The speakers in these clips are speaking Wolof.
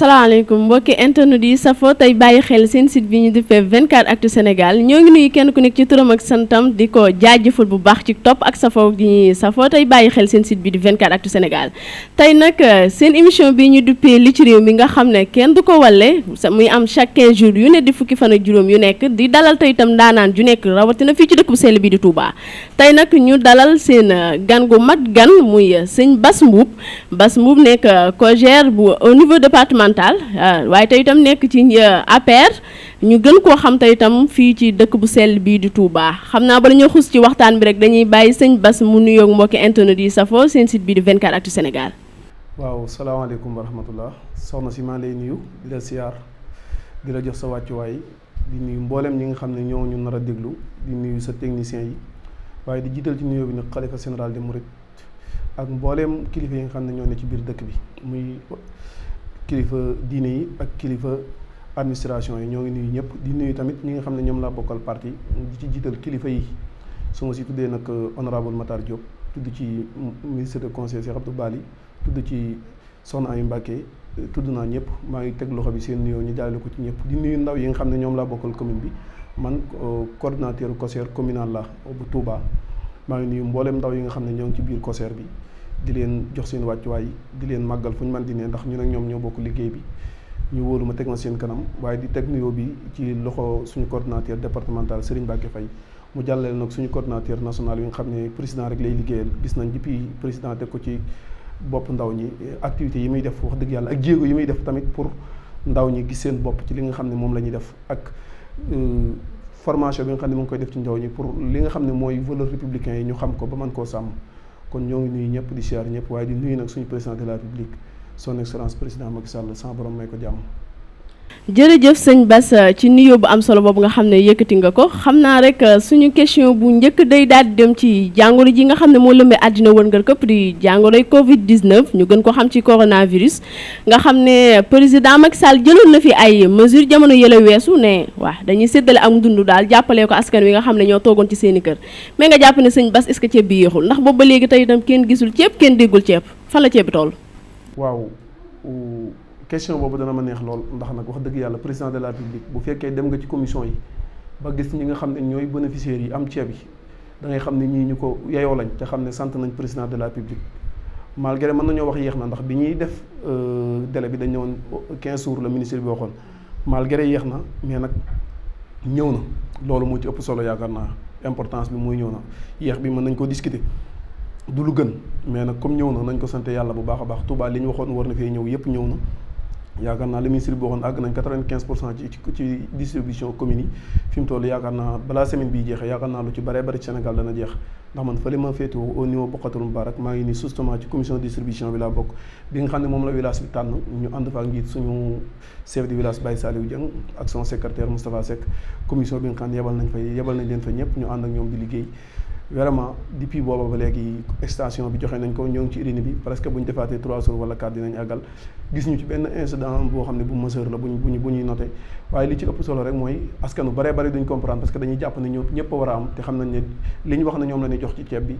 salaamaaleykum mbokki internet yi safo tey bàyyi xel seen site bi ñu defee 24 actu Sénégal ñoo ngi nuyu kenn ku nekk ci turam ak santam di ko jaajëfal bu baax ci topp ak safo gi ñuy safo tey bàyyi xel seen site bi di 24 actu Sénégal tey nag euh, seen émission bi ñu duppee li ci réew mi nga xam ne kenn du ko walle muy am chaque 15 jours yu ne di fukki fan ak juróom yu nekk di dalal tey itam ndaanaan ju nekk rawatina fii ci dëkk bu sell bi di Touba tey nag ñu dalal seen euh, gan gu mat gan muy euh, sëñ Bass Mboup Bass nekk cogère bu au niveau département départementale euh, waaye tey tam nekk ci euh, APR ñu gën koo xam tey itam fii ci dëkk bu sell bii di Touba xam naa bala ñoo xus ci waxtaan bi rek dañuy bàyyi sëñ Bass mu nuyoog mbokki internet yi safoo seen site bii di 24 actu Sénégal. waaw salaamaaleykum si maa lay nuyu di la siyaar di la jox sa wàccuwaay di nuyu mboolem ñi nga xam ne ñoo ñu nar a déglu di nuyu sa technicien yi waaye di jiital ci nuyoo bi nag xalifa général de Mouride. ak mbooleem kilifa yi nga xam ne ñoo ne ci biir dëkk bi muy kilifa diine yi ak kilifa administration yi ñoo ngi nuyu ñëpp di nuyu tamit ñu ngi xam ne ñoom laa bokkal parti di ci jiital kilifa yi su ma si tuddee nag euh, honorable Matar Diop tudd ci ministre de conseil Cheikh Abdou Bali tudd ci soxna Amy Mbacké euh, tudd naa ñëpp maa ngi teg loxo bi seen nuyoo ñu jaarale ko ci ñëpp di nuyu ndaw yi nga xam ne ñoom laa bokkal commune bi man euh, coordinateur COSER communal la bu Touba maa ngi nuyu mboolem ndaw yi nga xam ne ñoo ngi ci biir COSER bi di leen jox seen wàccuwaay di leen màggal fu ñu mën di ndax ñu ak ñoom ñoo bokk liggéey bi ñu wóolu ma teg ma seen kanam waaye di teg nuyoo bi ci loxo suñu coordonnateur départemental Serigne Mbacke Faye mu jàllale nag suñu coordonnateur national yi nga xam ne président rek lay liggéeyal gis nañ depuis président teg ko ci bopp ndaw ñi activité yi muy def wax dëgg yàlla ak jéego yi muy def tamit pour ndaw ñi gis seen bopp ci li nga xam ne moom la ñuy def ak euh, formation bi nga xam ne mu ngi koy def ci ndaw ñi pour li nga ne mooy valeur républicain yi ñu xam ko ba mën koo sàmm kon ñoo ngi nuyu ñëpp di siyaar ñëpp waaye di nuyu nag suñu président de la république son excellence président Macky Sall sans borom may ko jàmm jërëjëf sëñ Bass euh, ci nuyoo bu am solo boobu nga xam ne yëkkati nga ko xam naa rek euh, suñu question bu njëkk day daal di dem ci jàngoro ji nga xam ne moo lëmbee àddina wërngal këpp di jàngoroy Covid 19 ñu gën ko xam ci coronavirus. nga xam ne président Macky Sall jëlal na fi ay mesures jamono yële weesu ne waa dañuy séddale am dund daal jàppalee ko askan wi nga xam ne ñoo toogoon ci seen i kër mais nga jàpp ne sëñ Bass est-ce que ceeb bi yéexul ndax boobu ba léegi tey itam kenn gisul ceeb kenn déggul ceeb fan ceeb bi waaw. question boobu dana ma neex lool ndax nag wax dëgg yàlla président de la République bu fekkee dem nga ci commission yi ba gis ñi nga xam ne ñooy bénéficiaires yi am ceeb yi da ngay xam ne ñii ñu ko yeyoo lañ te xam ne sant nañ président de la République malgré mën nañoo wax yéex na ndax bi ñuy def euh, délai bi dañ ne woon 15 jours la ministre bi waxoon malgré yéex na mais nag ñëw na loolu moo ci ëpp solo yaakaar naa importance bi mooy ñëw na yéex bi mën nañ ko discuter. du lu gën mais nag comme ñëw na nañ ko sant yàlla bu baax a baax Touba li ñu waxoon war na fee ñëw yëpp ñëw yaakaar naa le ministre bi waxoon àgg nañ quatre-vingt-quinze pour cent ci ci distribution communes yi fi mu toll yaakaar naa balaa semaine bii jeexee yaakaar naa lu ci bëree ci Sénégal dana jeex ndax man fële ma féetewoo au niveau Bokkatul Moubarak maa ngi nii justement ci commission distribution bi laa bokk bi nga xam ne moom la village bi tànn ñu ànd fa ak njiit suñu chef de village Baye Saliou Dieng ak son secrétaire Moustapha Seck commission bi nga xam ne yebal nañ fa yebal nañ leen fa ñëpp ñu ànd ak ñoom di liggéey vraiment depuis booba ba léegi extension bi joxe nañ ko ñoo ngi ci urine bi presque bu ñu defaatee trois jours wala quatre dinañ gis ñu ci benn incedent boo xam ne bu majeur la bu ñu bu ñu bu ñuy noté waaye li ci ëpp solo rek mooy askanu baree bari duñ comprendre parce que dañuy jàpp ne ñoom ñëpp war a am te xam nañ ne li ñu wax ne ñoom la ñuy jox ci ceeb bi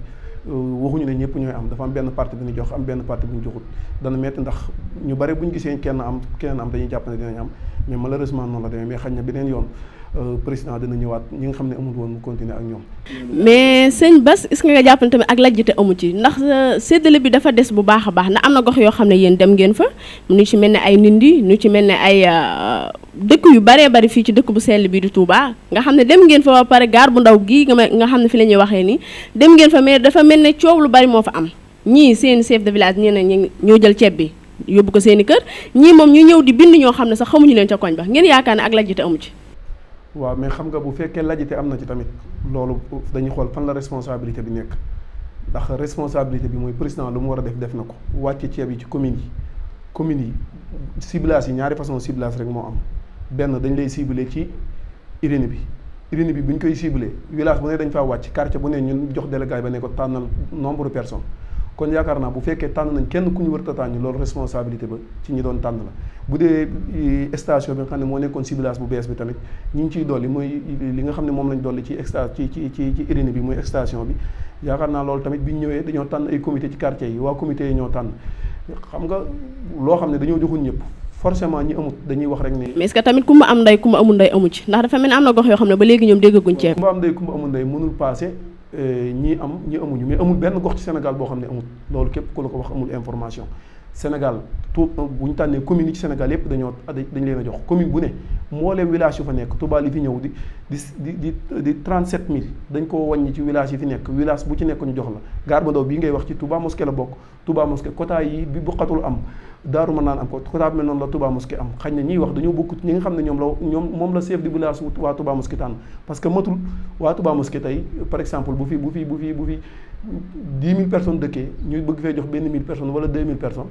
euh, waxuñu ne ñëpp ñooy am dafa am benn parti bu ñu jox am benn parti bu ñu joxut dana metti ndax ñu bare bu ñu gisee kenn am keneen am dañuy jàpp ne dinañ am mais malheureusement noonu la demee mais xañ na beneen yoon Euh, président dina ñëwaat ñi nga xam ne amul woon mu continuer ak ñoom. mais sëñ bas est-ce que nga jàpp ne tamit ak lajjite amu ci ndax euh, séddale bi dafa des bu baax a baax na am na gox yoo xam ne yéen dem ngeen fa nu ci mel ne ay Ndindi nu ci mel ne ay euh, dëkk yu baree bari fii ci dëkk bu sell bii di Touba nga xam ne dem ngeen fa ba pare gaar bu ndaw gii nga xam ne fi la ñuy waxee nii dem ngeen fa mais dafa mel ne coow lu bari moo fa am ñii seen chef de village ñeneen ñi ñoo jël ceeb bi yóbbu ko seen i kër ñii moom ñu ñëw di bind ñoo xam ne sax xamuñu leen ca koñ ba ngeen yaakaar ne ak lajjite amu ci waaw mais xam nga bu fekkee lajjite am na ci tamit loolu dañuy xool fan la responsabilité bi nekk ndax responsabilité bi mooy président lu mu war a def def na ko wàcce ceeb yi ci commune yi commune yi ciblage yi ñaari façon ciblage rek moo am benn dañ lay ciblé ci urine bi urine bi bu ñu koy ciblé village bu ne dañ faa wàcc quartier bu ne ñun jox délégué ba ne ko tànnal nombre de kon yaakaar naa bu fekkee tànn nañ kenn ku ñu wërta tànn loolu responsabilité ba ci ñi doon tànn la bu dee station bi nga xam ne moo nekkoon si bu bees bi tamit ñi ngi ciy dolli mooy li nga xam ne moom lañ dolli ci exta ci ci ci ci bi muy station bi yaakaar naa loolu tamit bi ñu ñëwee dañoo tànn ay comité ci quartier yi waa comité ñoo tànn xam nga loo xam ne dañoo joxuñ ñëpp forcément ñi amut dañuy wax rek ne mais est-ce que tamit ku am ndey ku ma ndey amu ci ndax dafa mel ne am na gox yoo xam ne ba léegi ñoom déggaguñ ceeb ku ma am ndey ku Euh, ñii am ñi amuñu mais amul benn gox ci Sénégal boo xam ne amul loolu képp ku la ko wax amul information Sénégal Touba euh, bu ñu tànnee commune yi ci Sénégal yépp dañoo dañ leen a jox commune bu ne mbooleem village yu fa nekk tubaa li fi ñëw di di di di dañ ko wàññi ci village yi fi nekk village bu ci nekk ñu jox la gaar ba ndaw ngay wax ci Touba mosquée la bokk Touba mosquée quota yi bi buqatul am daaru mën naan am ko quota bi mel noonu la Touba mosquée am xañ na ñiy wax dañoo bokk ñi nga xam ne ñoom la ñoom moom la chef de village waa Touba mosquée tànn parce que matul waa Touba mosquée tey par exemple bu fi bu fi bu fi bu fi dix mille personnes dëkkee ñu bëgg fee jox benn mille personnes wala deux mille personnes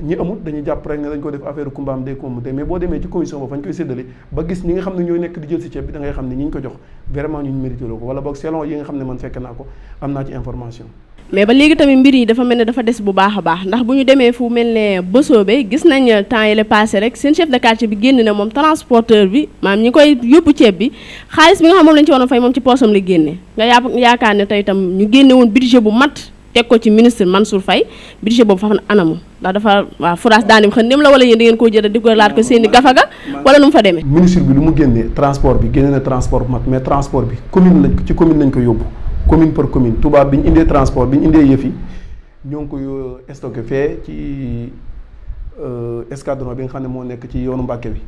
ñi amul dañuy jàpp rek ne dañ ko def affaire kumbaam day communauté mais boo demee ci commission ba fañ koy séddale ba gis ñi nga xam ne ñooy nekk di jël si ceeb bi da ngay xam ne ñi ñu ko jox vraiment ñu mérité loo ko wala boog selon yi nga xam ne man fekk naa ko am naa ci information mais ba léegi tamit mbir yi dafa mel ne dafa des bu baax a baax ndax bu ñu demee fu mel ne Bosoobe gis nañ temps yële passé rek seen chef de quartier bi génn ne moom transporteur bi maam ñi koy yóbbu ceeb bi xaalis bi nga xam moom lañ ci waroon fay moom ci poosam la génne nga yaa yaakaar ne tey itam ñu mat teg ko ci ministre Mansour Faye budget boobu fa anamu ndax dafa waaw forage daanim xën nem la wala yéen da ngeen koo jël di ko laat ko seen i gafaga wala nu mu fa demee ministre bi lu mu génnee transport bi génne na transport bu mat bi ko ko yóbbu commune par commune Touba bi ñu indee transport bi ñu indee yëf ñoo ngi koy euh, stocké fee ci euh, escadron bi nga xam ne moo nekk ci yoonu Mbàkke bi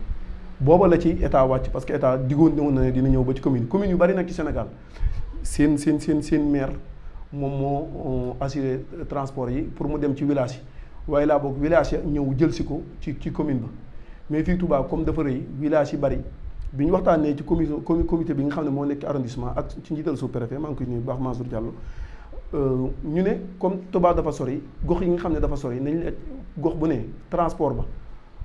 booba la ci état wàcc parce que état diggoon na woon na ne dina ñëw ba ci commune commune yu bari nag ci Sénégal seen seen seen seen maire moom moo euh, assuré transport yi pour mu dem ci village yi waaye laa boog village ya ñëw jël si ko ci ci commune ba mais fii Touba comme dafa rëy village yi bari bi ñu waxtaanee ci comité comité bi nga xam ne moo nekk arrondissement ak ci njiital sous préfet maa ngi koy nuyu bu baax Mansour Diallo euh, ñu ne comme Touba dafa sori gox yi nga xam ne dafa sori nañ gox bu ne transport ba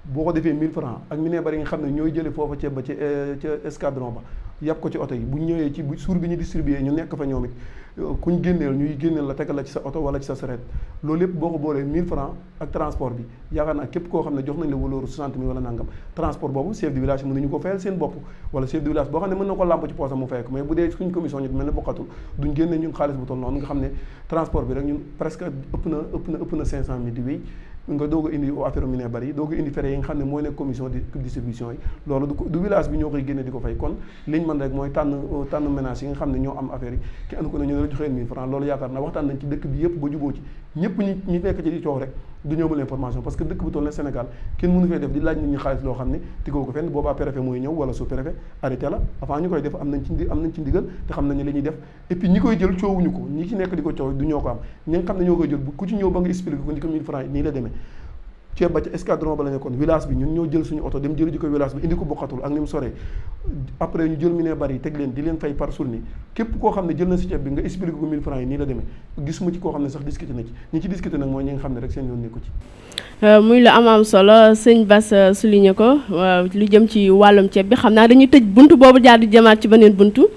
boo ko defee 1000 francs ak mi nee bari nga xam ne ñooy jële foofa ceeb euh, escadron ba yàpp ko ci oto yi bu ñëwee ci suur bi ñu distribué ñu nekk fa ñoom it euh, kuñ ñu ñuy génneel la tegal la ci sa oto wala ci sa saret loolu lépp boo ko boolee 1000 francs ak transport bi yaakaar naa képp koo xam ne jox nañ la walóoru 60 000 wala nangam transport boobu chef de village mënuñu ko fayal seen bopp wala chef de village boo xam ne mën na ko làmp ci ñu mel ne bokkatul duñ génne ñun xaalis bu toll noonu nga xam ne transport bi rek ñun presque ëpp na nga doog indi affaire mine bari yi doog a indi fere yi nga xam ne mooy nekk commission de distribution yi loolu du village bi ñoo koy génne di ko fay kon liñ mën rek mooy tànn tànn ménage yi nga xam ne ñoo am affaire yi ki ko ne ñu la joxeel 1000 francs loolu yaakaar naa waxtaan nañ ci dëkk bi yëpp ba juboo ci ñëpp ñi ñi nekk ci di coow rek du ñëw mal information parce que dëkk bu toll ne Sénégal kenn mënu fay def di laaj nit ñi xaalis loo xam ne tigoo ko fenn boobaa préfet mooy ñëw wala sous préfet arrêté la avant ñu koy def am nañ ci am nañ ci ndigal te xam nañu li def et ñi koy jël coowuñu ko ñi ci nekk di ko coow du ñoo ko am ñi xam ne ñoo koy jël ku ci ñëw ba nga expliqué ko ni ko 1000 nii la demee ceeb ba ca escadron ba la nekkoon village bi ñun ñoo jël suñu oto dem jëli ji ko village bi indi ko bokkatul ak ni mu soree après ñu jël mi ne bari teg leen di leen fay par sulni képp koo xam ne jël na si ceeb bi nga expliqué ko 1000 francs yi nii la demee gis mu ci koo xam ne sax discuté na ci ñi ci discuté nag mooy ñi xam ne rek seen yoon nekku ci euh, muy la am solo sëñ Bass euh, souligné ko lu jëm ci wàllum ceeb bi xam naa dañuy tëj bunt boobu jaar di jëmaat ci beneen buntu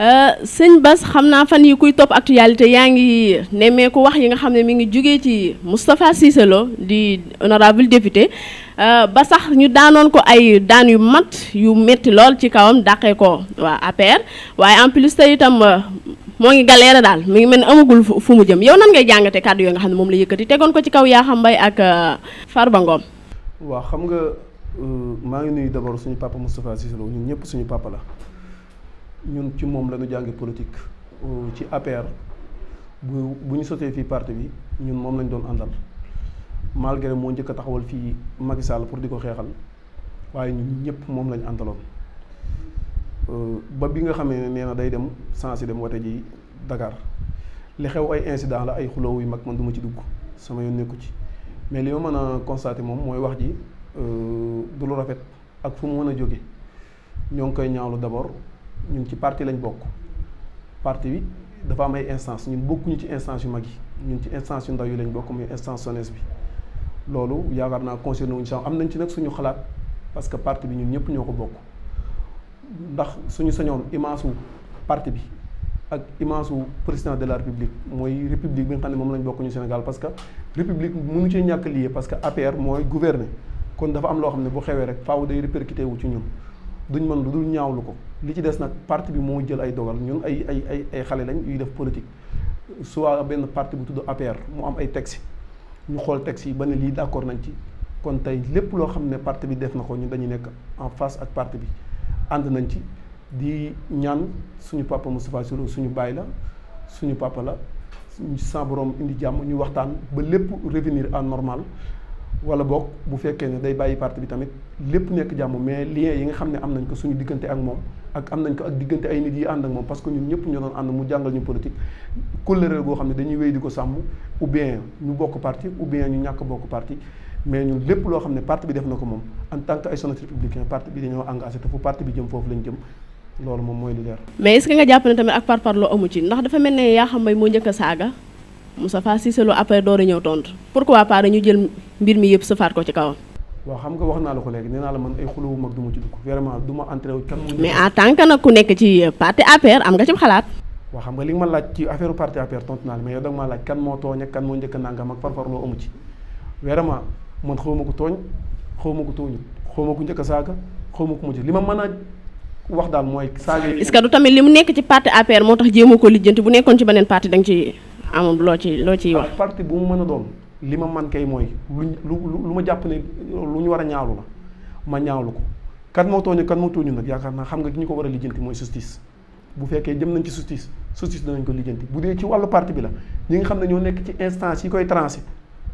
Euh, sëñ Bas xam naa fan yi kuy topp actualité yaa ngi nemmeeku wax yi nga xam ne mi ngi jugee ci Moustapha Cissé Lo di honorable député euh, ba sax ñu daanoon ko ay daan yu mat yu metti lool ci kawam dàqee ko waa APR waaye en plus te itam euh, moo ngi galère daal mu ngi mel ne amagul fu mu jëm yow nan ngay jàngatee kàddu yoo nga xam ne moom la yëkkati tegoon ko ci kaw xam Mbaye ak far ba Ngom. waaw xam nga maa ngi nuyu d'abord suñu papa Moustapha Cissé Lo ñun ñëpp suñu papa la. ñun ci moom lañu ñu jànge politique euh, ci APR bu bu ñu sotee fii parti bi ñun moom lañ doon àndal malgré moo njëkk taxawal fii Macky Sall pour di ko xeexal waaye ñun ñëpp moom lañ àndaloon euh, ba bi nga xamee ne nee na day dem sans si dem wate ji Dakar li xew ay incident la ay xuloo yu mag man duma ci dugg sama yoon nekku ci mais li ma mën a constaté moom mooy wax ji euh, du lu rafet ak fu mu mën a jóge ñoo ngi koy ñaawlu d'abord ñun ci parti lañ bokk parti bi dafa am ay instance ñun bokkuñu ci instance yu mag yi ñun ci instance yu ndaw yi lañ bokk muy instance SONES bi loolu yaakaar naa concerné wuñu sax am nañ ci nag suñu xalaat parce que parti bi ñun ñëpp ñoo ko bokk ndax suñu sañoon immense wu parti bi ak immense wu président de la république mooy république bi nga xam ne moom lañ bokk ñu Sénégal parce que république mënu ci ñàkk lié parce que APR mooy gouverner kon dafa loo xam ne bu xewee rek faaw day répercuté wu ci ñun duñ mën lu dul ñaawlu ko li ci des nag parti bi moo jël ay dogal ñun ay ay ay ay xale lañ yuy def politique soit benn parti bu tudd APR mu am ay texte ñu xool texte yi ba ne lii d'accord nañ ci kon tey lépp loo xam ne parti bi def na ko ñun dañu nekk en face ak parti bi ànd nañ ci di ñaan suñu papa Moustapha suñu baay la suñu papa la sa borom indi jàmm ñu waxtaan ba lépp revenir à normal wala bokk bu fekkee ne day bàyyi parti bi tamit lépp nekk jàmm mais lien yi nga xam ne am nañ ko suñu diggante ak moom ak am nañ ko ak diggante ay nit yi ànd ak moom parce que ñun ñëpp ñu doon mu jàngal ñu politique kóllëre ne dañuy wéy ko sàmm ou ñu bokk parti ou ñu ñàkk bokk parti mais ñun lépp loo xam ne parti bi def na ko moom en tant que ay sonat républicain parti bi dañoo engagé te fu parti bi jëm foofu lañ jëm loolu moom mooy li leer mais est-ce nga jàpp ne tamit ak parparloo amu ci ndax dafa mel ne yaa xam may moo njëkk a saaga Moustapha Cissé Lo après door a ñëw tontu pourquoi pas dañu jël mbir mi yëpp sëfaat ko ci kawam. waaw xam nga wax naa la ko léegi nee naa la man ay xulóowu mag du ma ci dugg vraiment du ma entré que nag ku nekk ci parti APR am nga ci xalaat. waaw xam nga li nga ma laaj ci kan moo tooñ ak kan moo njëkk a nangam ak farfar loo amu ci. vraiment man xaw ma ko tooñ xaw ma ko tooñut xaw ma ko njëkk a saaga xaw ma ko mujj li ma mën a wax daal mooy. saaga yi est du tamit li mu nekk ci parti APR moo tax jéem ko lijjanti bu nekkoon ci beneen parti ci amul loo ci loo ciy wax. parti bu mu mën a doon li ma man kay mooy lu lu lu ma jàpp ne lu ñu war a ñaawlu la ma ñaawlu ko kan moo tooñu kan moo tooñu nag yaakaar naa xam nga ki ñu ko war a lijjanti mooy justice bu fekkee jëm nañ ci justice justice danañ ko lijjanti bu dee ci wàllu parti bi la ñi nga xam ne ñoo nekk ci instance yi koy tranché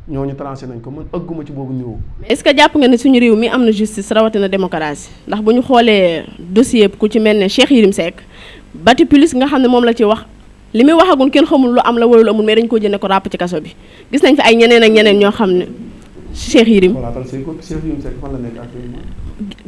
ñooñu tranché nañ ko man ëgguma ci boobu niveau. est ce que jàpp nga ne suñu réew mi am na justice rawatina démocratie ndax bu ñu xoolee dossier ku ci mel ne Cheikh Yérim Seck bati plus nga xam moom la ci wax. li muy waxagum kenn xamul lu am la wala lu amul mais dañ ko jëndee ko ràpp ci kaso bi gis nañ fi ay ñeneen ak ñeneen ñoo xam ne Cheikh Yérim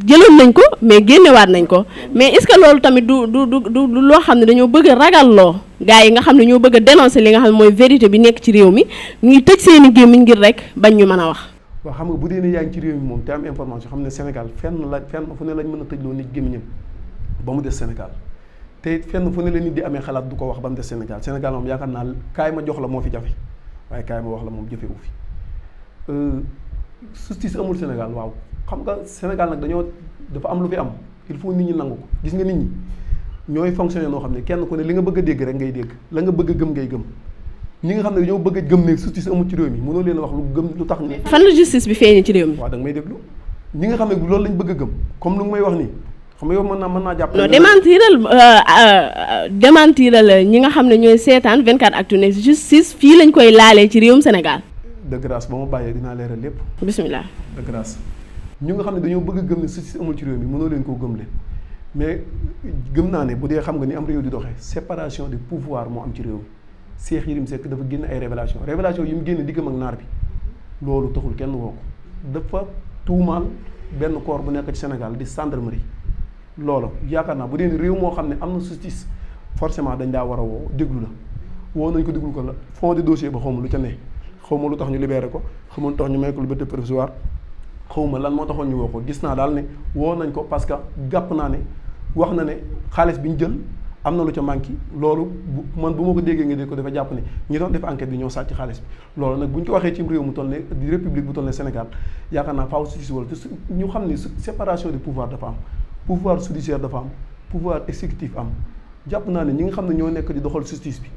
jëloon nañ ko mais génnewaat nañ ko mais est-ce que loolu tamit du du du loo xam ne dañoo bëgg a ragalloo gars yi nga xam ne ñoo bëgg a dénoncer li nga xam ne mooy vérité bi nekk ci réew mi ñuy tëj seen i gémmiñ ngir rek bañ ñu mën a wax waaw xam nga bu dee ne yaa ci réew mi moom te am information xam ne Sénégal fenn la fenn fu lañ a tëj loo nit gémmiñam ba Sénégal te fenn fu ne la nit di amee xalaat du ko wax ba mu des Sénégal Sénégal moom yaakaar naa kaay ma jox la moo fi jafe waaye kaay ma wax la moom jëfewu fi euh, justice amul Sénégal waaw xam nga Sénégal nag dañoo dafa am lu fi am il faut nit ñi nangu ko gis nga nit ñi ñooy fonctionné noo xam ne kenn ku ne li nga bëgg a dégg rek ngay dégg la nga bëgg a gëm ngay gëm ñi nga xam ne dañoo bëgg a gëm ne justice amul ci réew mi mënoo leen wax lu gëm lu tax ne. fan la justice bi ci réew mi. waaw may déglu ñi xam ne loolu lañ bëgg gëm comme lu may wax nii xam nga yow mën naa mën naa jàpp. non démentiral la euh, euh, ñi nga xam ne ñooy seetaan 24 actu ne justice fii lañ koy laalee ci réewum Sénégal. de grâce ba ma bàyyee dinaa leeral lépp. bismillah de grâce ñu nga xam ne dañoo bëgg gëm ne justice amul ci réew mi mënoo leen koo gëmle mais gëm naa ne bu dee xam nga ni am réew di doxee séparation des pouvoirs moo am ci réew mi Cheikh mu sekk dafa génn ay révélation révélation yi mu génn diggam ak naar bi loolu taxul kenn woo ko dafa tuumaal benn corps bu nekk ci Sénégal di gendarmerie. loola yaakaar naa bu dee réew moo xam ne am na justice forcément dañ daa war a woo déglu la woo nañ ko déglu ko la fond de dossier ba xaw ma lu ca ne xaw ma lu tax ñu libéré ko xaw ma lu tax ñu may ko liberté xaw ma lan moo taxoon ñu ko gis naa daal ne woo nañ ko parce que jàpp naa ne wax na ne xaalis bi ñu jël am na lu ca man bu ma ko déggee nga dégg ko jàpp ne ñi doon def enquête bi ñoo sàcc xaalis bi loolu nag waxee ci réew mu toll ne république bu toll ne Sénégal yaakaar naa faaw si xam ne séparation de pouvoir dafa am pouvoir judiciaire dafa am pouvoir exécutif am jàpp naa ne ñi nga xam ne ñoo nekk di doxal justice bi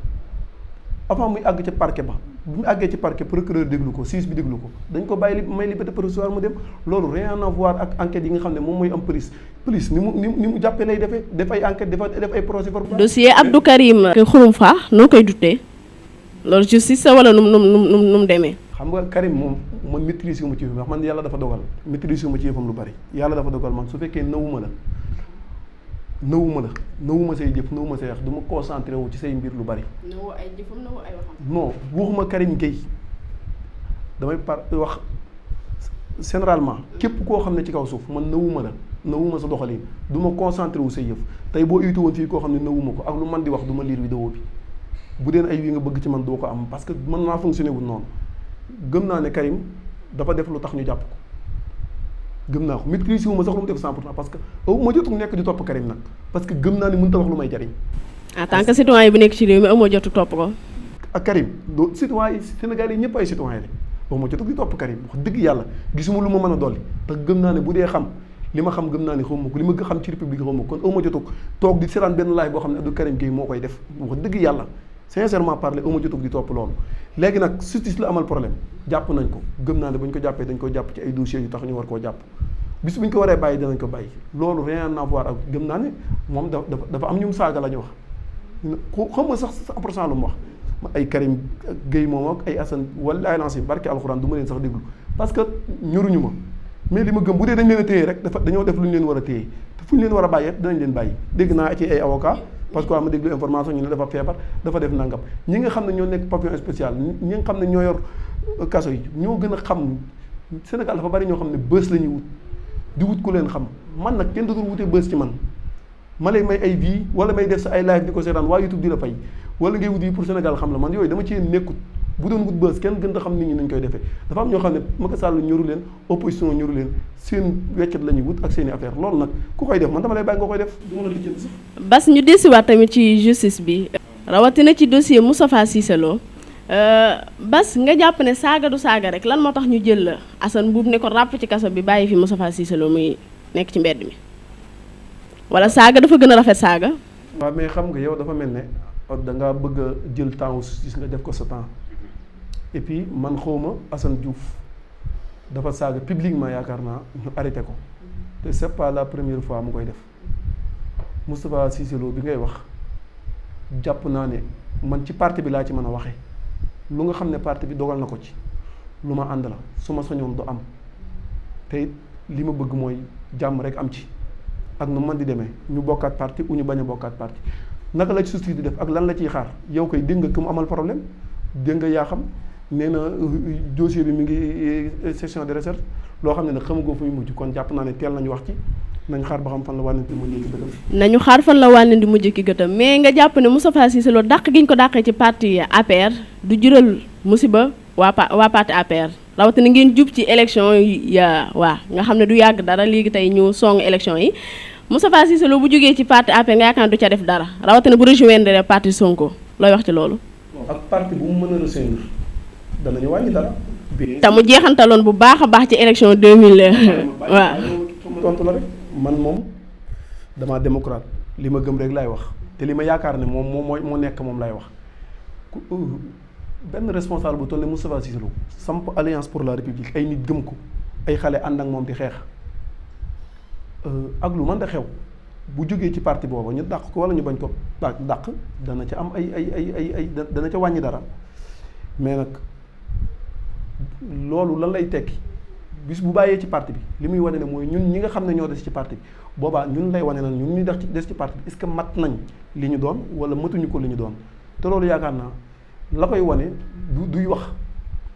avant muy àgg ca parquet ba bu mu àggee ci parquet procureur déglu ko siis bi déglu ko dañ ko bàyyi may liberté provisoire mu dem loolu rien à voir ak enquête yi nga xam ne moom mooy am police police ni mu ni ni mu jàppee lay defee def ay enquête dafa def ay procès verbal dossier Abdou Karim xurum faa noo koy dutee loolu justice sa wala num num num num demee xam nga Karim moom man maîtrise yu ma ci yëfam ndax man yàlla dafa dogal maîtrise yu ma ci yëfam lu bari yàlla dafa dogal man su fekkee nawuma la nëwuma la nawuma say jëf nawuma say wax du ma wu ci say mbir lu bari. nawoo ay jëfam nawoo ay waxam. non waxuma Karim damay par wax généralement képp koo xam ne ci kaw suuf man nawuma la nawuma sa doxalin du ma concentré wu say yëf tey boo iwtu woon fii koo xam ne nawuma ko ak lu man di wax du ma lire vidéo bi bu deen ay wi nga bëgg ci man doo ko am parce que mën naa fonctionné wu noonu. gëm naa ne Karim dafa def lu tax ñu jàpp ko gëm naa ko maîtrise wu ma mu def 100 pour cent parce que ma jotu nekk di topp Karim nag parce que gëm naa ne mënut a wax lu may jariñ. en tant que bu nekk ci réew mi amoo jotu yi ñëpp ay citoyen lañ ba ma jotu di topp Karim wax dëgg yàlla gisuma lu ma mën a dolli te gëm naa ne bu dee xam. li ma xam gëm naa ne xaw ko li ma xam ci république xaw ma ko kon au ma jotug toog di seetaan benn laay boo xam ne Abdou Karim Gueye moo koy def wax dëgg yàlla sincèrement parler au ma di topp loolu léegi nag justice la amal problème jàpp nañ ko gëm naa ne bu ñu ko jàppee dañ ko jàpp ci ay dossiers yu tax ñu war koo jàpp bis bu ñu ko waree bàyyi danañ ko bàyyi loolu rien à voir ak gëm naa ne moom da dafa am ñu ñum saaga la ñu wax ku xam nga sax cent pour cent lu mu wax ay Karim Gueye moom ak ay Assane wala ay lancé barke alxuraan du ma leen sax déglu parce que ñuruñu ma mais li ma gëm bu dee dañ leen a téye rek dafa dañoo def lu ñu leen war a téye te leen war a bàyyee leen bàyyi dégg naa ci ay avocat parce que waa ma déglu information ñu ne dafa feebar dafa def nangam ñi nga xam ne ñoo nekk pavillon spécial ñi nga xam ne ñoo yor euh, kaso yi ñoo gën a xam Sénégal dafa bari ñoo xam ne bës la ñuy wut di wut ku leen xam man nag kenn dootul wutee bës ci man ma lay may ay vie wala may def sa ay live di ko seetaan waa YouTube di la fay wala ngay wut yi pour Sénégal xam la man yooyu dama ci nekkut bu doon wut bës kenn gën a xam nit ñi nañ koy defee dafa am ñoo xam ne Macky Sall ñoru leen opposition ñoru leen seen weccet la ñuy wut ak seen i affaire loolu nag ko koy def man dama lay bàyyi nga koy def du ma la Bas ñu desiwaat tamit ci justice bi. rawatina ci dossier Moustapha Cissé Lo euh, Bas nga jàpp ne saaga du saaga rek lan moo tax ñu jël la Assane Mbuub ne ko ràpp ci kaso bi bàyyi fi Moustapha Cissé Lo muy nekk ci mbedd mi wala saaga dafa gën a rafet saaga. waaw mais xam nga yow dafa mel ne da ngaa bëgg jël temps justice nga def ko sa et puis man xawma Assane Diouf dafa saaga publiquement yaakaar naa ñu arrêté ko te c'est la première fois mu koy def Moustapha Cissé Lo bi ngay wax jàpp naa ne man ci parti bi laa ci mën a waxee lu nga xam ne parti bi dogal na ko ci lu ma ànd la su ma soñoon du am tey li ma bëgg mooy jàmm rek am ci ak nu man di demee ñu bokkaat parti ou ñu bañ a bokkaat parti naka la ci société di def ak lan la ciy xaar yow koy dégg nga ku mu amal problème dégg nga yaa xam nee na euh, dossier mu mi ngi euh, section de recherche loo xam ne na xamagoo fu muy mujj kon jàpp naa ne teel nañu wax ci nañu xaar ba xam fan la wànnante mujj ki gëtam xaar fan la wànnante mujj ki gëtam mais nga jàpp ne Moustapha Cissé Lo dàq gi ñu ko dàqee ci parti APR du jural musiba waa pa waa parti APR rawatina ngeen jub ci élection yi waa nga xam ne du yàgg dara léegi tey ñu song élection yi Moustapha Cissé bu jógee ci parti APR nga yaakaar du ca def dara rawatina bu rejoindre parti Sonko looy wax ci loolu. bu mu mën a danañu wàññi dara. te mu jeexantaloon bu baax a baax ci élection 2000. waaw tontu la rek man moom damaa démocrate li ma gëm rek lay wax te li ma yaakaar ne moom moom mooy moo nekk moom laay wax euh, benn responsable bu toll ne Moustapha Cissé Lô samp alliance pour la république ay nit gëm ko ay xale ànd ak moom di xeex euh, ak lu mën da xew bu jógee ci parti booba ñu dàq ko wala ñu bañ ko daq dana ca am ay ay ay ay ay dana ca wàññi dara mais nag. loolu lan lay tekki bis bu bàyyee ci parti bi li muy wane ne mooy ñun ñi nga xam ne ñoo des ci parti bi boobaa ñun lay wane na ñun ñu des ci des ci parti bi est-ce que mat nañ li ñu doon wala matuñu ko li ñu doon te loolu yaakaar na la koy wane du duy wax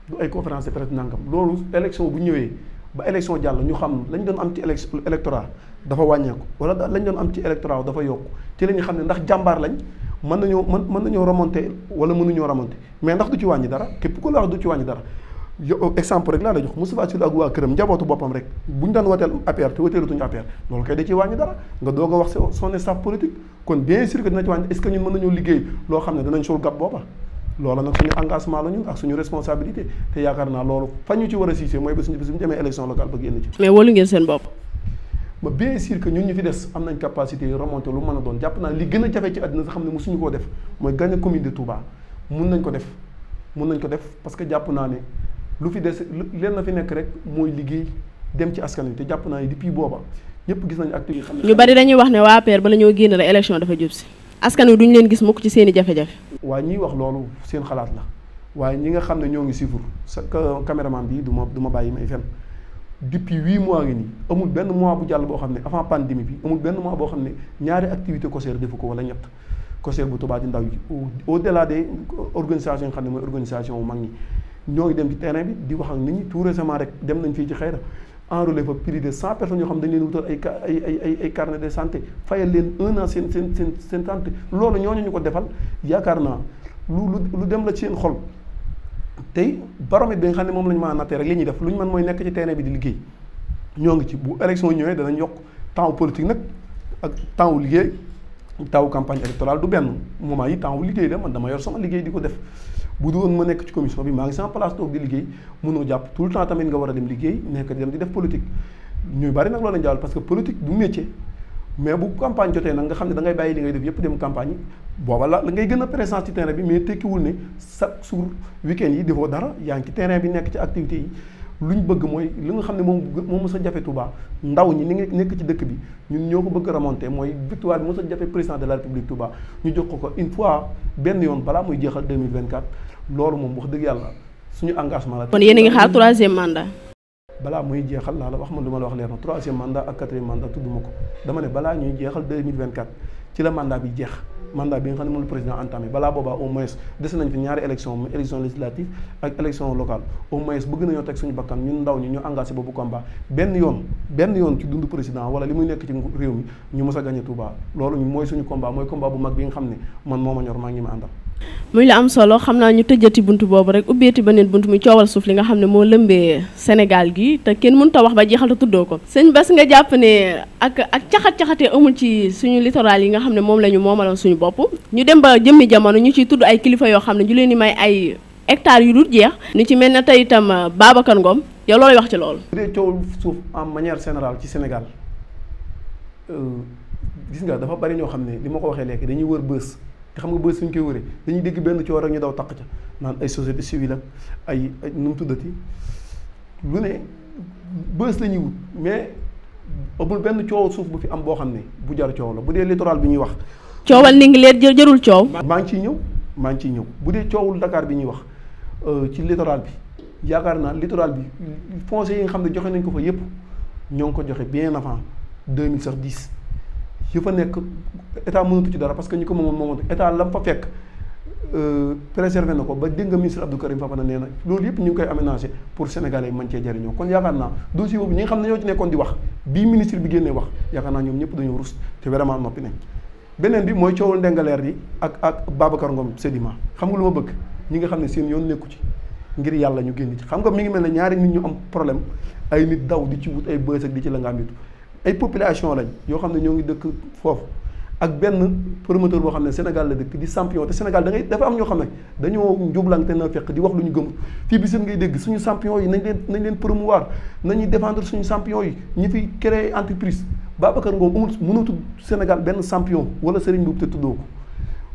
du ay conférence de presse nangam loolu élection bu ñëwee ba élection jàll ñu xam lañ doon am ci élection électorat dafa wàññeeku wala lañ doon am ci électorat dafa yokk ci la ñu xam ne ndax jàmbaar lañ mën nañoo mën mën nañoo remonter wala mënuñoo remonter mais ndax ci wàññi dara képp ku la du ci wàññi dara yo exemple rek laa la jox Moustapha Cissé Lo ak waa këram njabootu boppam rek bu ñu daan woteel APR te woteelatuñu APR loolu kay da ciy wàññi dara nga doog wax son staff politique kon bien sûr dina ci wàññi est-ce que ñun mën nañoo liggéey loo xam ne danañ suul suñu engagement yaakaar naa loolu ci war a siisee mooy ba suñu bis bu ñu demee élection locale ba ci mais wóolu ngeen ñu fi des am nañ capacité remonter lu mën a naa li gën a jafe ci àddina sa xam ne mu suñu mooy gagner commune de Touba nañ def parce que jàpp naa ne lu fi des leen la fi nekk rek mooy liggéey dem ci askan wi te jàpp naa ne depuis booba ñëpp gis nañu acte yi xam ne ñu wax ne waa PER bala ñoo génn la élection dafa jub si askan wi duñu leen gis mukk ci seeni i jafe-jafe waaye ñiy wax loolu seen xalaat la waaye ñi nga xam ne ñoo ngi suivre sa caméraman bi du ma ma bàyyi may fenn depuis huit mois ngi nii amul benn mois bu jàll boo xam ne avant pandémie bi amul benn mois boo xam ne ñaari activité COSER defu ko wala ñett COSER bu Touba di ndaw yi au delà des xam ne mooy organisation wu mag ñi ñoo ngi dem ci terrain bi di wax ak nit ñi tout récemment rek dem nañ fii ci xayra enrôlé fa plus de cent personnes yoo xam dañ leen wutal ay ay ay ay carnet de santé fayal leen un an seen seen seen seen santé loolu ñooñu ñu ko defal yaakaar naa lu lu dem la ci seen xol tey baromètre bi nga xam ne moom la ñu mën rek li ñuy def lu ñu man mooy nekk ci terrain bi di liggéey ñoo ngi ci bu élection ñëwee danañ yokk temps politique nag ak temps liggéey temps wu campagne électorale du benn moment yi temps wu liggéey la dama yor sama liggéey di ko def. bu doon ma nekk ci commission bi maa ngi sama place toog di liggéey mënoo jàpp tout temps tamit nga war a dem liggéey nekk di dem di def politique ñuy bari nag loolu lañ jàll parce que politique du métier mais bu campagne jotee nag nga xam ne da ngay bàyyi li ngay def yépp dem campagne booba la ngay gën a présence ci terrain bi mais tekkiwul ne chaque jour week-end yi defoo dara yaa ngi ci terrain bi nekk ci activité yi lu ñu bëgg mooy li nga xam ne moom moom mos a jafe Touba ndaw ñi ni nga nekk ci dëkk bi ñun ñoo ko bëgg remonter mooy victoire bi mos a jafe président de la république Touba ko ko une fois benn yoon balaa muy jeexal 2024 loolu moom wax dëgg yàlla suñu engagement la. kon yéen a ngi mandat. balaa muy jeexal laa la wax man lu ma la wax leer na troisième mandat ak quatrième mandat tudduma ko dama ne balaa ñuy jeexal ci la mandat bi jeex. mandat bi nga xam ne moom la président entamé balaa boobaa au moins des nañ fi ñaari élection mooy élection législative ak élection locale au moins bëgg nañoo teg suñu bakkan ndaw ñi ñu engagé boobu combat benn yoon benn yoon ci dundu président wala li muy nekk ci réew mi ñu mës a gagné loolu mooy suñu combat mooy combat bu mag bi nga ne man moo ma ñor maa ngi ma àndal. muy la am solo xam naa ñu tëjati bunt boobu rek ubbeeti beneen bunt muy coowal suuf li nga xam ne moo lëmbee Sénégal gi te kenn mënut a wax ba jeexal te tuddoo ko sëñ Bass nga jàpp ne ak ak caxat-caxatee amul ci suñu littoral yi nga xam ne moom lañu la ñu moomaloon suñu bopp ñu dem ba jëmmi jamono ñu ciy tudd ay kilifa yoo xam ne ñu leen di may ay hectares yu dul jeex ni ci mel na tey itam Babacar Ngom yow looy wax ci loolu bu dee coowal suuf en manière générale ci Sénégal euh, gis nga dafa bari ñoo xam ne li ma ko waxee léegi dañuy wër bës xam nga bës suñ koy wëree dañuy dégg benn coow rek ñu daw taq ca naan ay société civile ak ay nu mu tuddati lu ne bës la ñuy wut mais amul benn coow suuf bu fi am boo xam ne bu jar coow la bu dee littoral bi ñuy wax. coowal ni ngi leen jërul coow. maa ngi ciy ñëw maa ngi ciy ñëw bu dee coowul ndakaar bi ñuy wax euh, ci littoral bi yaakaar naa littoral bi foncier yi nga xam ne joxe nañ ko fa yépp ñoo ngi ko joxe bien avant deux mille dix. yi fa nekk état mënatu ci dara parce que ñi ko moomoon moomoon état la fa fekk euh, préserver na ko ba dégg nga ministre Abdou Karim Fofana nee na loolu yëpp ñu ngi koy aménager pour sénégalais yi mën cee jëriñoo kon yaakaar naa dossier boobu ñi nga xam ne ñoo ci nekkoon di wax bii ministre bi génnee wax yaakaar naa ñoom ñëpp dañoo rus te vraiment noppi nañ beneen bi mooy coowal ndengaleer yi ak ak Babacar Ngom Sedima xam nga lu ma bëgg ñi nga xam ne seen yoon nekku ngir yàlla ñu génn ci xam nga mi ngi mel ne ñaari nit ñu am problème ay nit daw di ci ci la ay population lañ yoo xam ne ñoo ngi dëkk foofu ak benn promoteur boo xam ne Sénégal la dëkk di champion te Sénégal da dafa am ñoo xam ne dañoo njublang te na fekk di wax lu ñu gëmul fii bi seen ngay dégg suñu champion yi nañ leen nañ leen promouvoir nañuy défendre suñu champion yi ñu fi créer entreprise Babacar Ngom amul mënatul Sénégal benn champion wala seriñ Mboup te tuddoo ko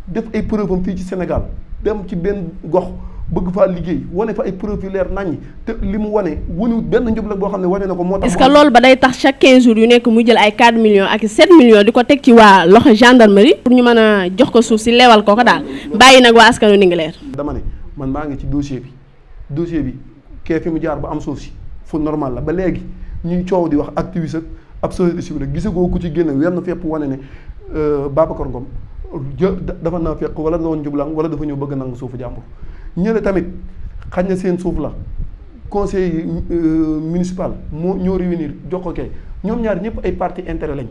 def ay preuve fii ci Sénégal dem ci benn gox bëgg faa liggéey wane fa ay preuve yu leer naññ te li mu wane wëniwut benn njublag boo xam ne wane na ko moo tax est-ce que loolu ba day tax chaque 15 jours yu nekk mu jël ay 4 millions ak 7 millions di ko teg ci waa loxo gendarmerie pour ñu mën a jox ko suuf si leewal ko ko daal bàyyi nag waa askanu Ndingler dama ne man maa ngi ci dossier bi dossier bi kee fi mu jaar ba am suuf si fu normal la ba léegi ñuy coow di wax activiste ak ab société civile gisagoo ku ci génne weer na fépp wane ne euh, Babacar Ngom jë dafa naa fekk wala na woon njublang wala dafa ñëw bëgg nangu suufu jàmbur ñële tamit xañ na seen suuf la conseil euh, municipal moo ñoo réunir jox ko kay ñoom ñaar ñëpp ay parti intérêt lañ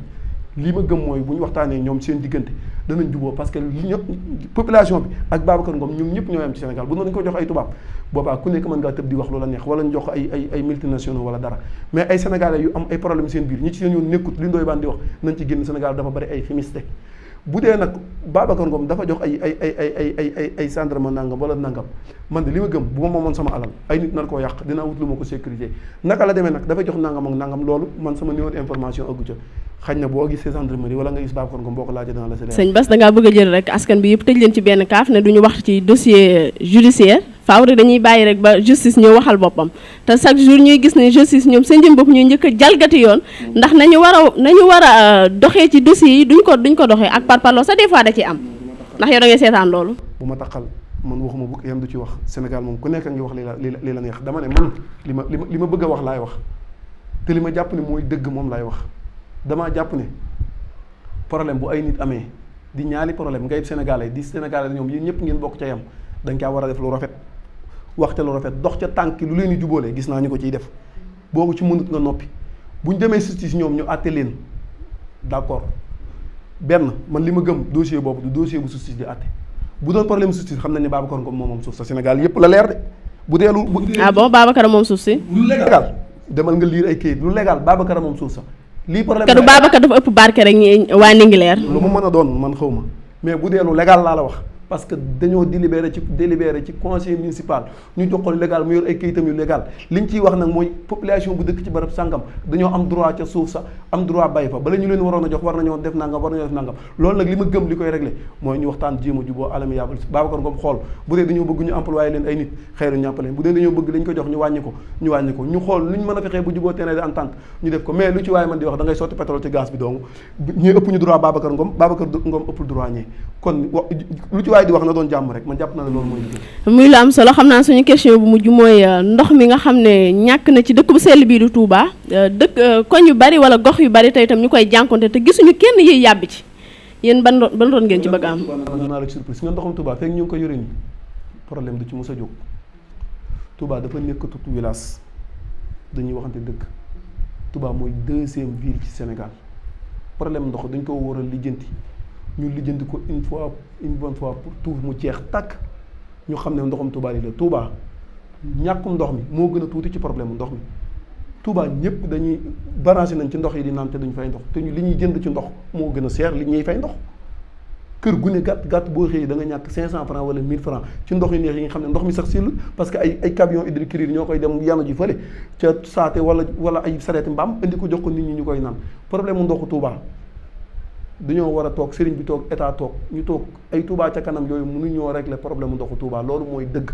li ma gëm mooy bu ñu waxtaanee ñoom seen diggante danañ juboo parce li ñëpp population bi ak Babacar Ngom ñëpp ñoo am ci Sénégal bu noonu dañ ko jox ay tubaab boobaa ku nekk mën ngaa tëb di wax loola neex wala ñu jox ay ay ay multinationaux wala dara mais ay sénégalais yu am ay problème seen biir ñu ci seen yoon nekkut li Ndoye Bane di bu dee nag Babacar Ngom dafa jox ay ay ay ay ay ay ay gendarme nangam wala nangam man de li ma gëm bu ma moomoon sama alal ay nit nar koo yàq dinaa wut lu ma ko sécurité naka la demee nag dafa jox nangam ak loolu man sama niveau information ëggu xañ na boo gisee gendarmerie wala nga gis Babacar Ngom boo ko laajee dana la sëñ Bass da ngaa bëgg a jël rek askan bi yëpp tëj leen ci benn kaaf ne duñu wax ci dossier judiciaire faaw dañuy bàyyi rek ba justice ñëw waxal boppam te chaque jour ñuy gis ne justice ñoom seen jëm bopp ñuy njëkk jalgati yoon ndax nañu war a nañu war a euh, doxee ci dossiers yi duñ ko duñ ko doxee ak parparloo sax fois da ciy am ndax yow da ngay seetaan loolu. bu ma taxal man waxuma bu yam ci wax Sénégal moom ku nekk ngi wax li la li la neex dama ne man li ma li ma bëgg wax laay wax li ma jàpp ne mooy dëgg moom laay wax damaa jàpp ne problème bu ay nit amee di ñaari problème ngay Sénégalais di Sénégalais ñoom yéen ñëpp ngeen bokk ca yam dañ caa war a def lu rafet. wax ca lu rafet dox ca tànk lu leen di jubóolee gis naa ñu ko ciy def boobu ci mënut nga noppi bu ñu demee justice ñoom ñu àtte leen d'accord benn man li ma gëm dossier boobu du dossier bu justice di àtte bu doon problème justice xam nañ ne Babacar Ngom moom moom suuf sa Sénégal yépp la leer de bu dee lu. bu ah bon Babacar moom suuf si. lu légal demal nga liir ay kayit lu légal Babacar moom suuf sa. lii problème kadu Babacar dafa ëpp barke rek ñi waa Ndingler. lu mu mën a doon man xaw ma mais bu dee lu laa la wax. parce que dañoo délibéré ci délibéré ci conseil municipal ñu jox légal mu yor ay kayitam yu légal liñ ciy wax nag mooy population bu dëkk ci barab sàngam dañoo am droit ca suuf sa am droit bay fa bala ñu leen waroon a jox war nañoo def nangam war nañoo def nangam loolu nag li ma gëm li koy réglé mooy ñu waxtaan jéem a juboo alami yaabal Babacar Ngom xool bu dee dañoo bëgg ñu employé leen ay nit xëyru ñu bu dee dañoo bëgg lañ di wax na doon jàmm rek man jàpp naa ne mooy muy lu am solo xam naa suñu question bu mujj mooy euh, ndox mi nga xam ne ñàkk na ci dëkk bu sell bii du tuubaa euh, dëkk euh, koñ yu bari wala gox yu bari tey itam ñu koy jànkonte te gisuñu kenn yi yàbbi ci yéen ban ban doon ngeen ci bëgg am naa la surprise nga ndoxum Touba fekk ñu ngi ko yore ñu problème du ci mos a jóg Touba dafa nekk tout village dañuy waxante dëkk Touba mooy deuxième ville ci Sénégal problème ndox dañ ko war a lijjanti ñu lijjanti ko une fois une bonne fois pour tout mu jeex tàkk ñu xam ne ndoxam Touba lii la Touba ñàkkum ndox mi moo gën a tuuti ci problème ndox mi Touba ñëpp dañuy branché nañ ci ndox yi di naan te duñ fay ndox te ñu li ñuy jënd ci ndox moo gën a seer li ñuy fay ndox kër gu ne gàtt gàtt boo xëyee da nga ñàkk 500 francs wala 1000 francs ci ndox yu neex yi nga xam ne ndox mi sax silul parce que ay ay camion hydrocureur ñoo koy dem yanu ji fële ca saate wala wala ay sareeti mbaam indi ko jox ko nit ñi ñu koy naan problème ndoxu Touba dañoo war a toog sëriñ bi toog état toog ñu toog ay Touba ca kanam yooyu mu mënuñoo régler problème mu ndoxu Touba loolu mooy dëgg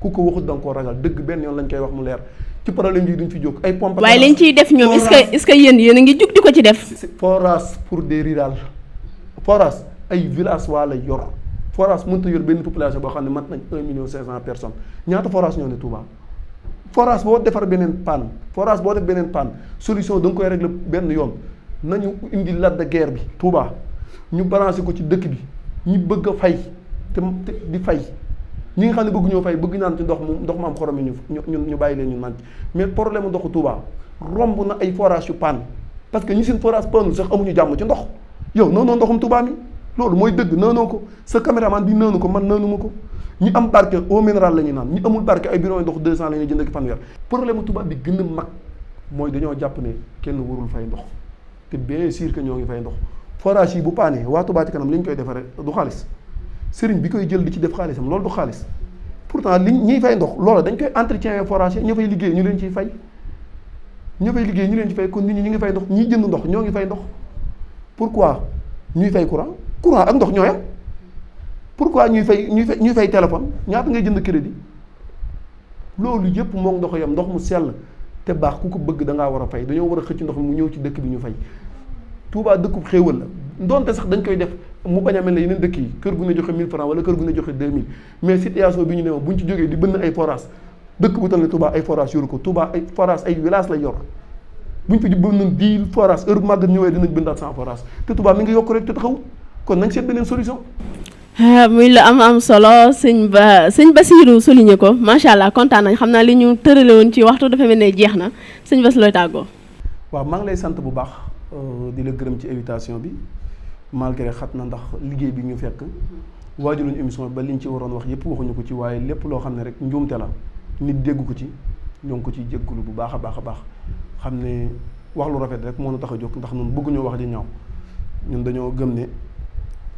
ku ko waxut da nga koo ragal dëgg benn yoon lañ koy wax mu leer ci problème yi duñ fi jóg ay pompe waaye lañ ciy def ñoom est-ce que est-ce a ngi jug di ko ci def forage pour de rural forage ay village waa lay yor forage mënut yor benn population boo xam ne mat nañ un million cinq cent personnes ñaata forage ñoo boo defar beneen panne forage boo def beneen panne solution da nga koy régler benn yoon nañu indi Lac de Guiers bi Touba ñu branché ko ci dëkk bi ñu bëgg a fay te di fay ñi nga xam ne bëgg ñoo fay bëgg naan ci ndox mu ndox mu am xorom yi ñu ñu ñu bàyyi leen ñu naan mais problème ndoxu Touba romb na ay forage yu panne parce que ñi seen forage panne sax amuñu jàmm ci ndox yow noonu ndoxum Touba mi loolu mooy dëgg naanoo ko sa caméraman bi naanu ko man naanu ma ko ñi am barke eau minérale la ñuy naan ñi amul barke ay bidon ndox de la ñuy jënd ak fanweer problème Touba bi gën a mag mooy dañoo jàpp ne kenn warul fay ndox te bien sûr que ñoo ngi fay ndox forage yi bu paanee waa Touba ci kanam li ñu koy defaree du xaalis sëriñ bi koy jël di ci def xaalisam loolu du xaalis pourtant li ñuy fay ndox loola dañ koy entretien forage ña fay liggéey ñu leen ciy fay ña liggéey ñu leen ci fay kon nit ñi ñu ngi fay ndox ñiy jënd ndox ñoo ngi fay ndox pour pourquoi ñuy fay courant courant ak ndox ñoo yam pourquoi ñuy fay ñuy fay ñuy fay téléphone ñaata ngay jënd crédit loolu yëpp moom ndox yam ndox mu sell te baax ku ko bëgg da ngaa war a fay dañoo war a xëcc ndox mu ñëw ci dëkk bi ñu fay Touba dëkkub xéewal la donte sax dañ koy def mu bañ a mel ne yeneen dëkk yi kër gu ne joxe 1000 francs wala kër gu ne joxe 2000 mais situation bi ñu ne ma buñ ci jógee di bënn ay forage dëkk bu tal ne Touba ay forage yoru ko tubaa ay forage ay village lay yor buñ fi bënn 10 forage heure bu ñëwee dinañ bëndaat 100 forage te Touba mi ngi yokk rek te taxaw kon nañ seet beneen solution Ah, muy la am am solo sëñ ba sëñ ba Basiirou souligné ko macha allah kontaan nañ xam naa li ñu tërale woon ci waxtu dafa mel ne jeex na sëñ Bas looy tàggoo. waaw maa ngi lay sant bu baax euh, di la gërëm ci invitation bi malgré xat na ndax liggéey bi ñu fekk waajaluñu émission ba liñ ci waroon wax yépp waxuñu ko ci waaye lépp loo xam ne rek njuumte la nit dégg ko ci ñoo ngi ko ciy jéggulu bu baax a baax a baax xam ne wax lu rafet rek moo na tax a jóg ndax ñun bëgguñoo wax di ñaaw ñun dañoo gëm ne.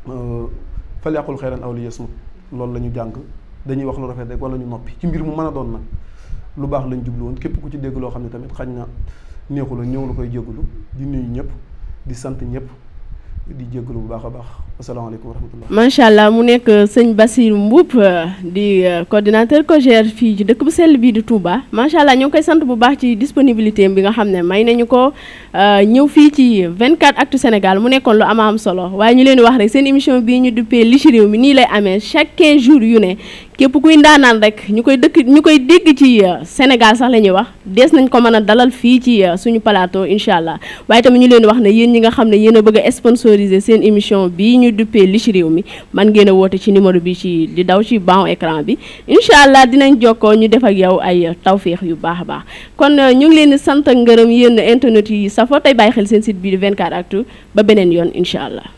Euh, fal yàqul xeyran aw li yasmut loolu la ñu jàng dañuy wax lu rafet rek wala ñu noppi ci mbir mu mën a doon nag lu baax lañ jublu woon képp ku ci dégg loo xam ne tamit xañ na neexu la ñëw la koy jégalu di nuyu ñëpp di sant ñëpp di jégalu bu baax a baax asalaamaaleykum wa rahmatulah. macha allah mu nekk euh, sëñ Basir Mboup euh, di euh, coordinateur COJER fii ci dëkk bu sell bii di Touba macha allah ñoo ngi koy sant bu baax ci disponibilité bi nga xam ne may nañu ko ñëw fii ci 24 actu Sénégal mu nekkoon lu ama am solo waaye ñu leen wax rek seen émission bi ñu duppee li ci réew mi nii lay amee chaque 15 jours yu ne. képp kuy ndaanaan rek ñu koy dëkk ñu koy dégg ci euh, Sénégal sax la ñuy wax dees nañ ko mën a dalal fii ci euh, suñu palaatoo incha allah waaye tamit ñu leen wax ne yéen ñi nga xam ne yéen a bëgg a sponsoriser seen émission bi ñu duppee li ci réew mi man ngeen a woote ci numéro bi ci di daw ci ban écran bi incha allah dinañ jokkoo ñu def ak yow ay euh, tawféex yu baax a baax kon ñu ngi leen di sant ak ngërëm yéen internet yi safoo tey bàyyi xel seen site bi di 24actu ba beneen yoon incha allah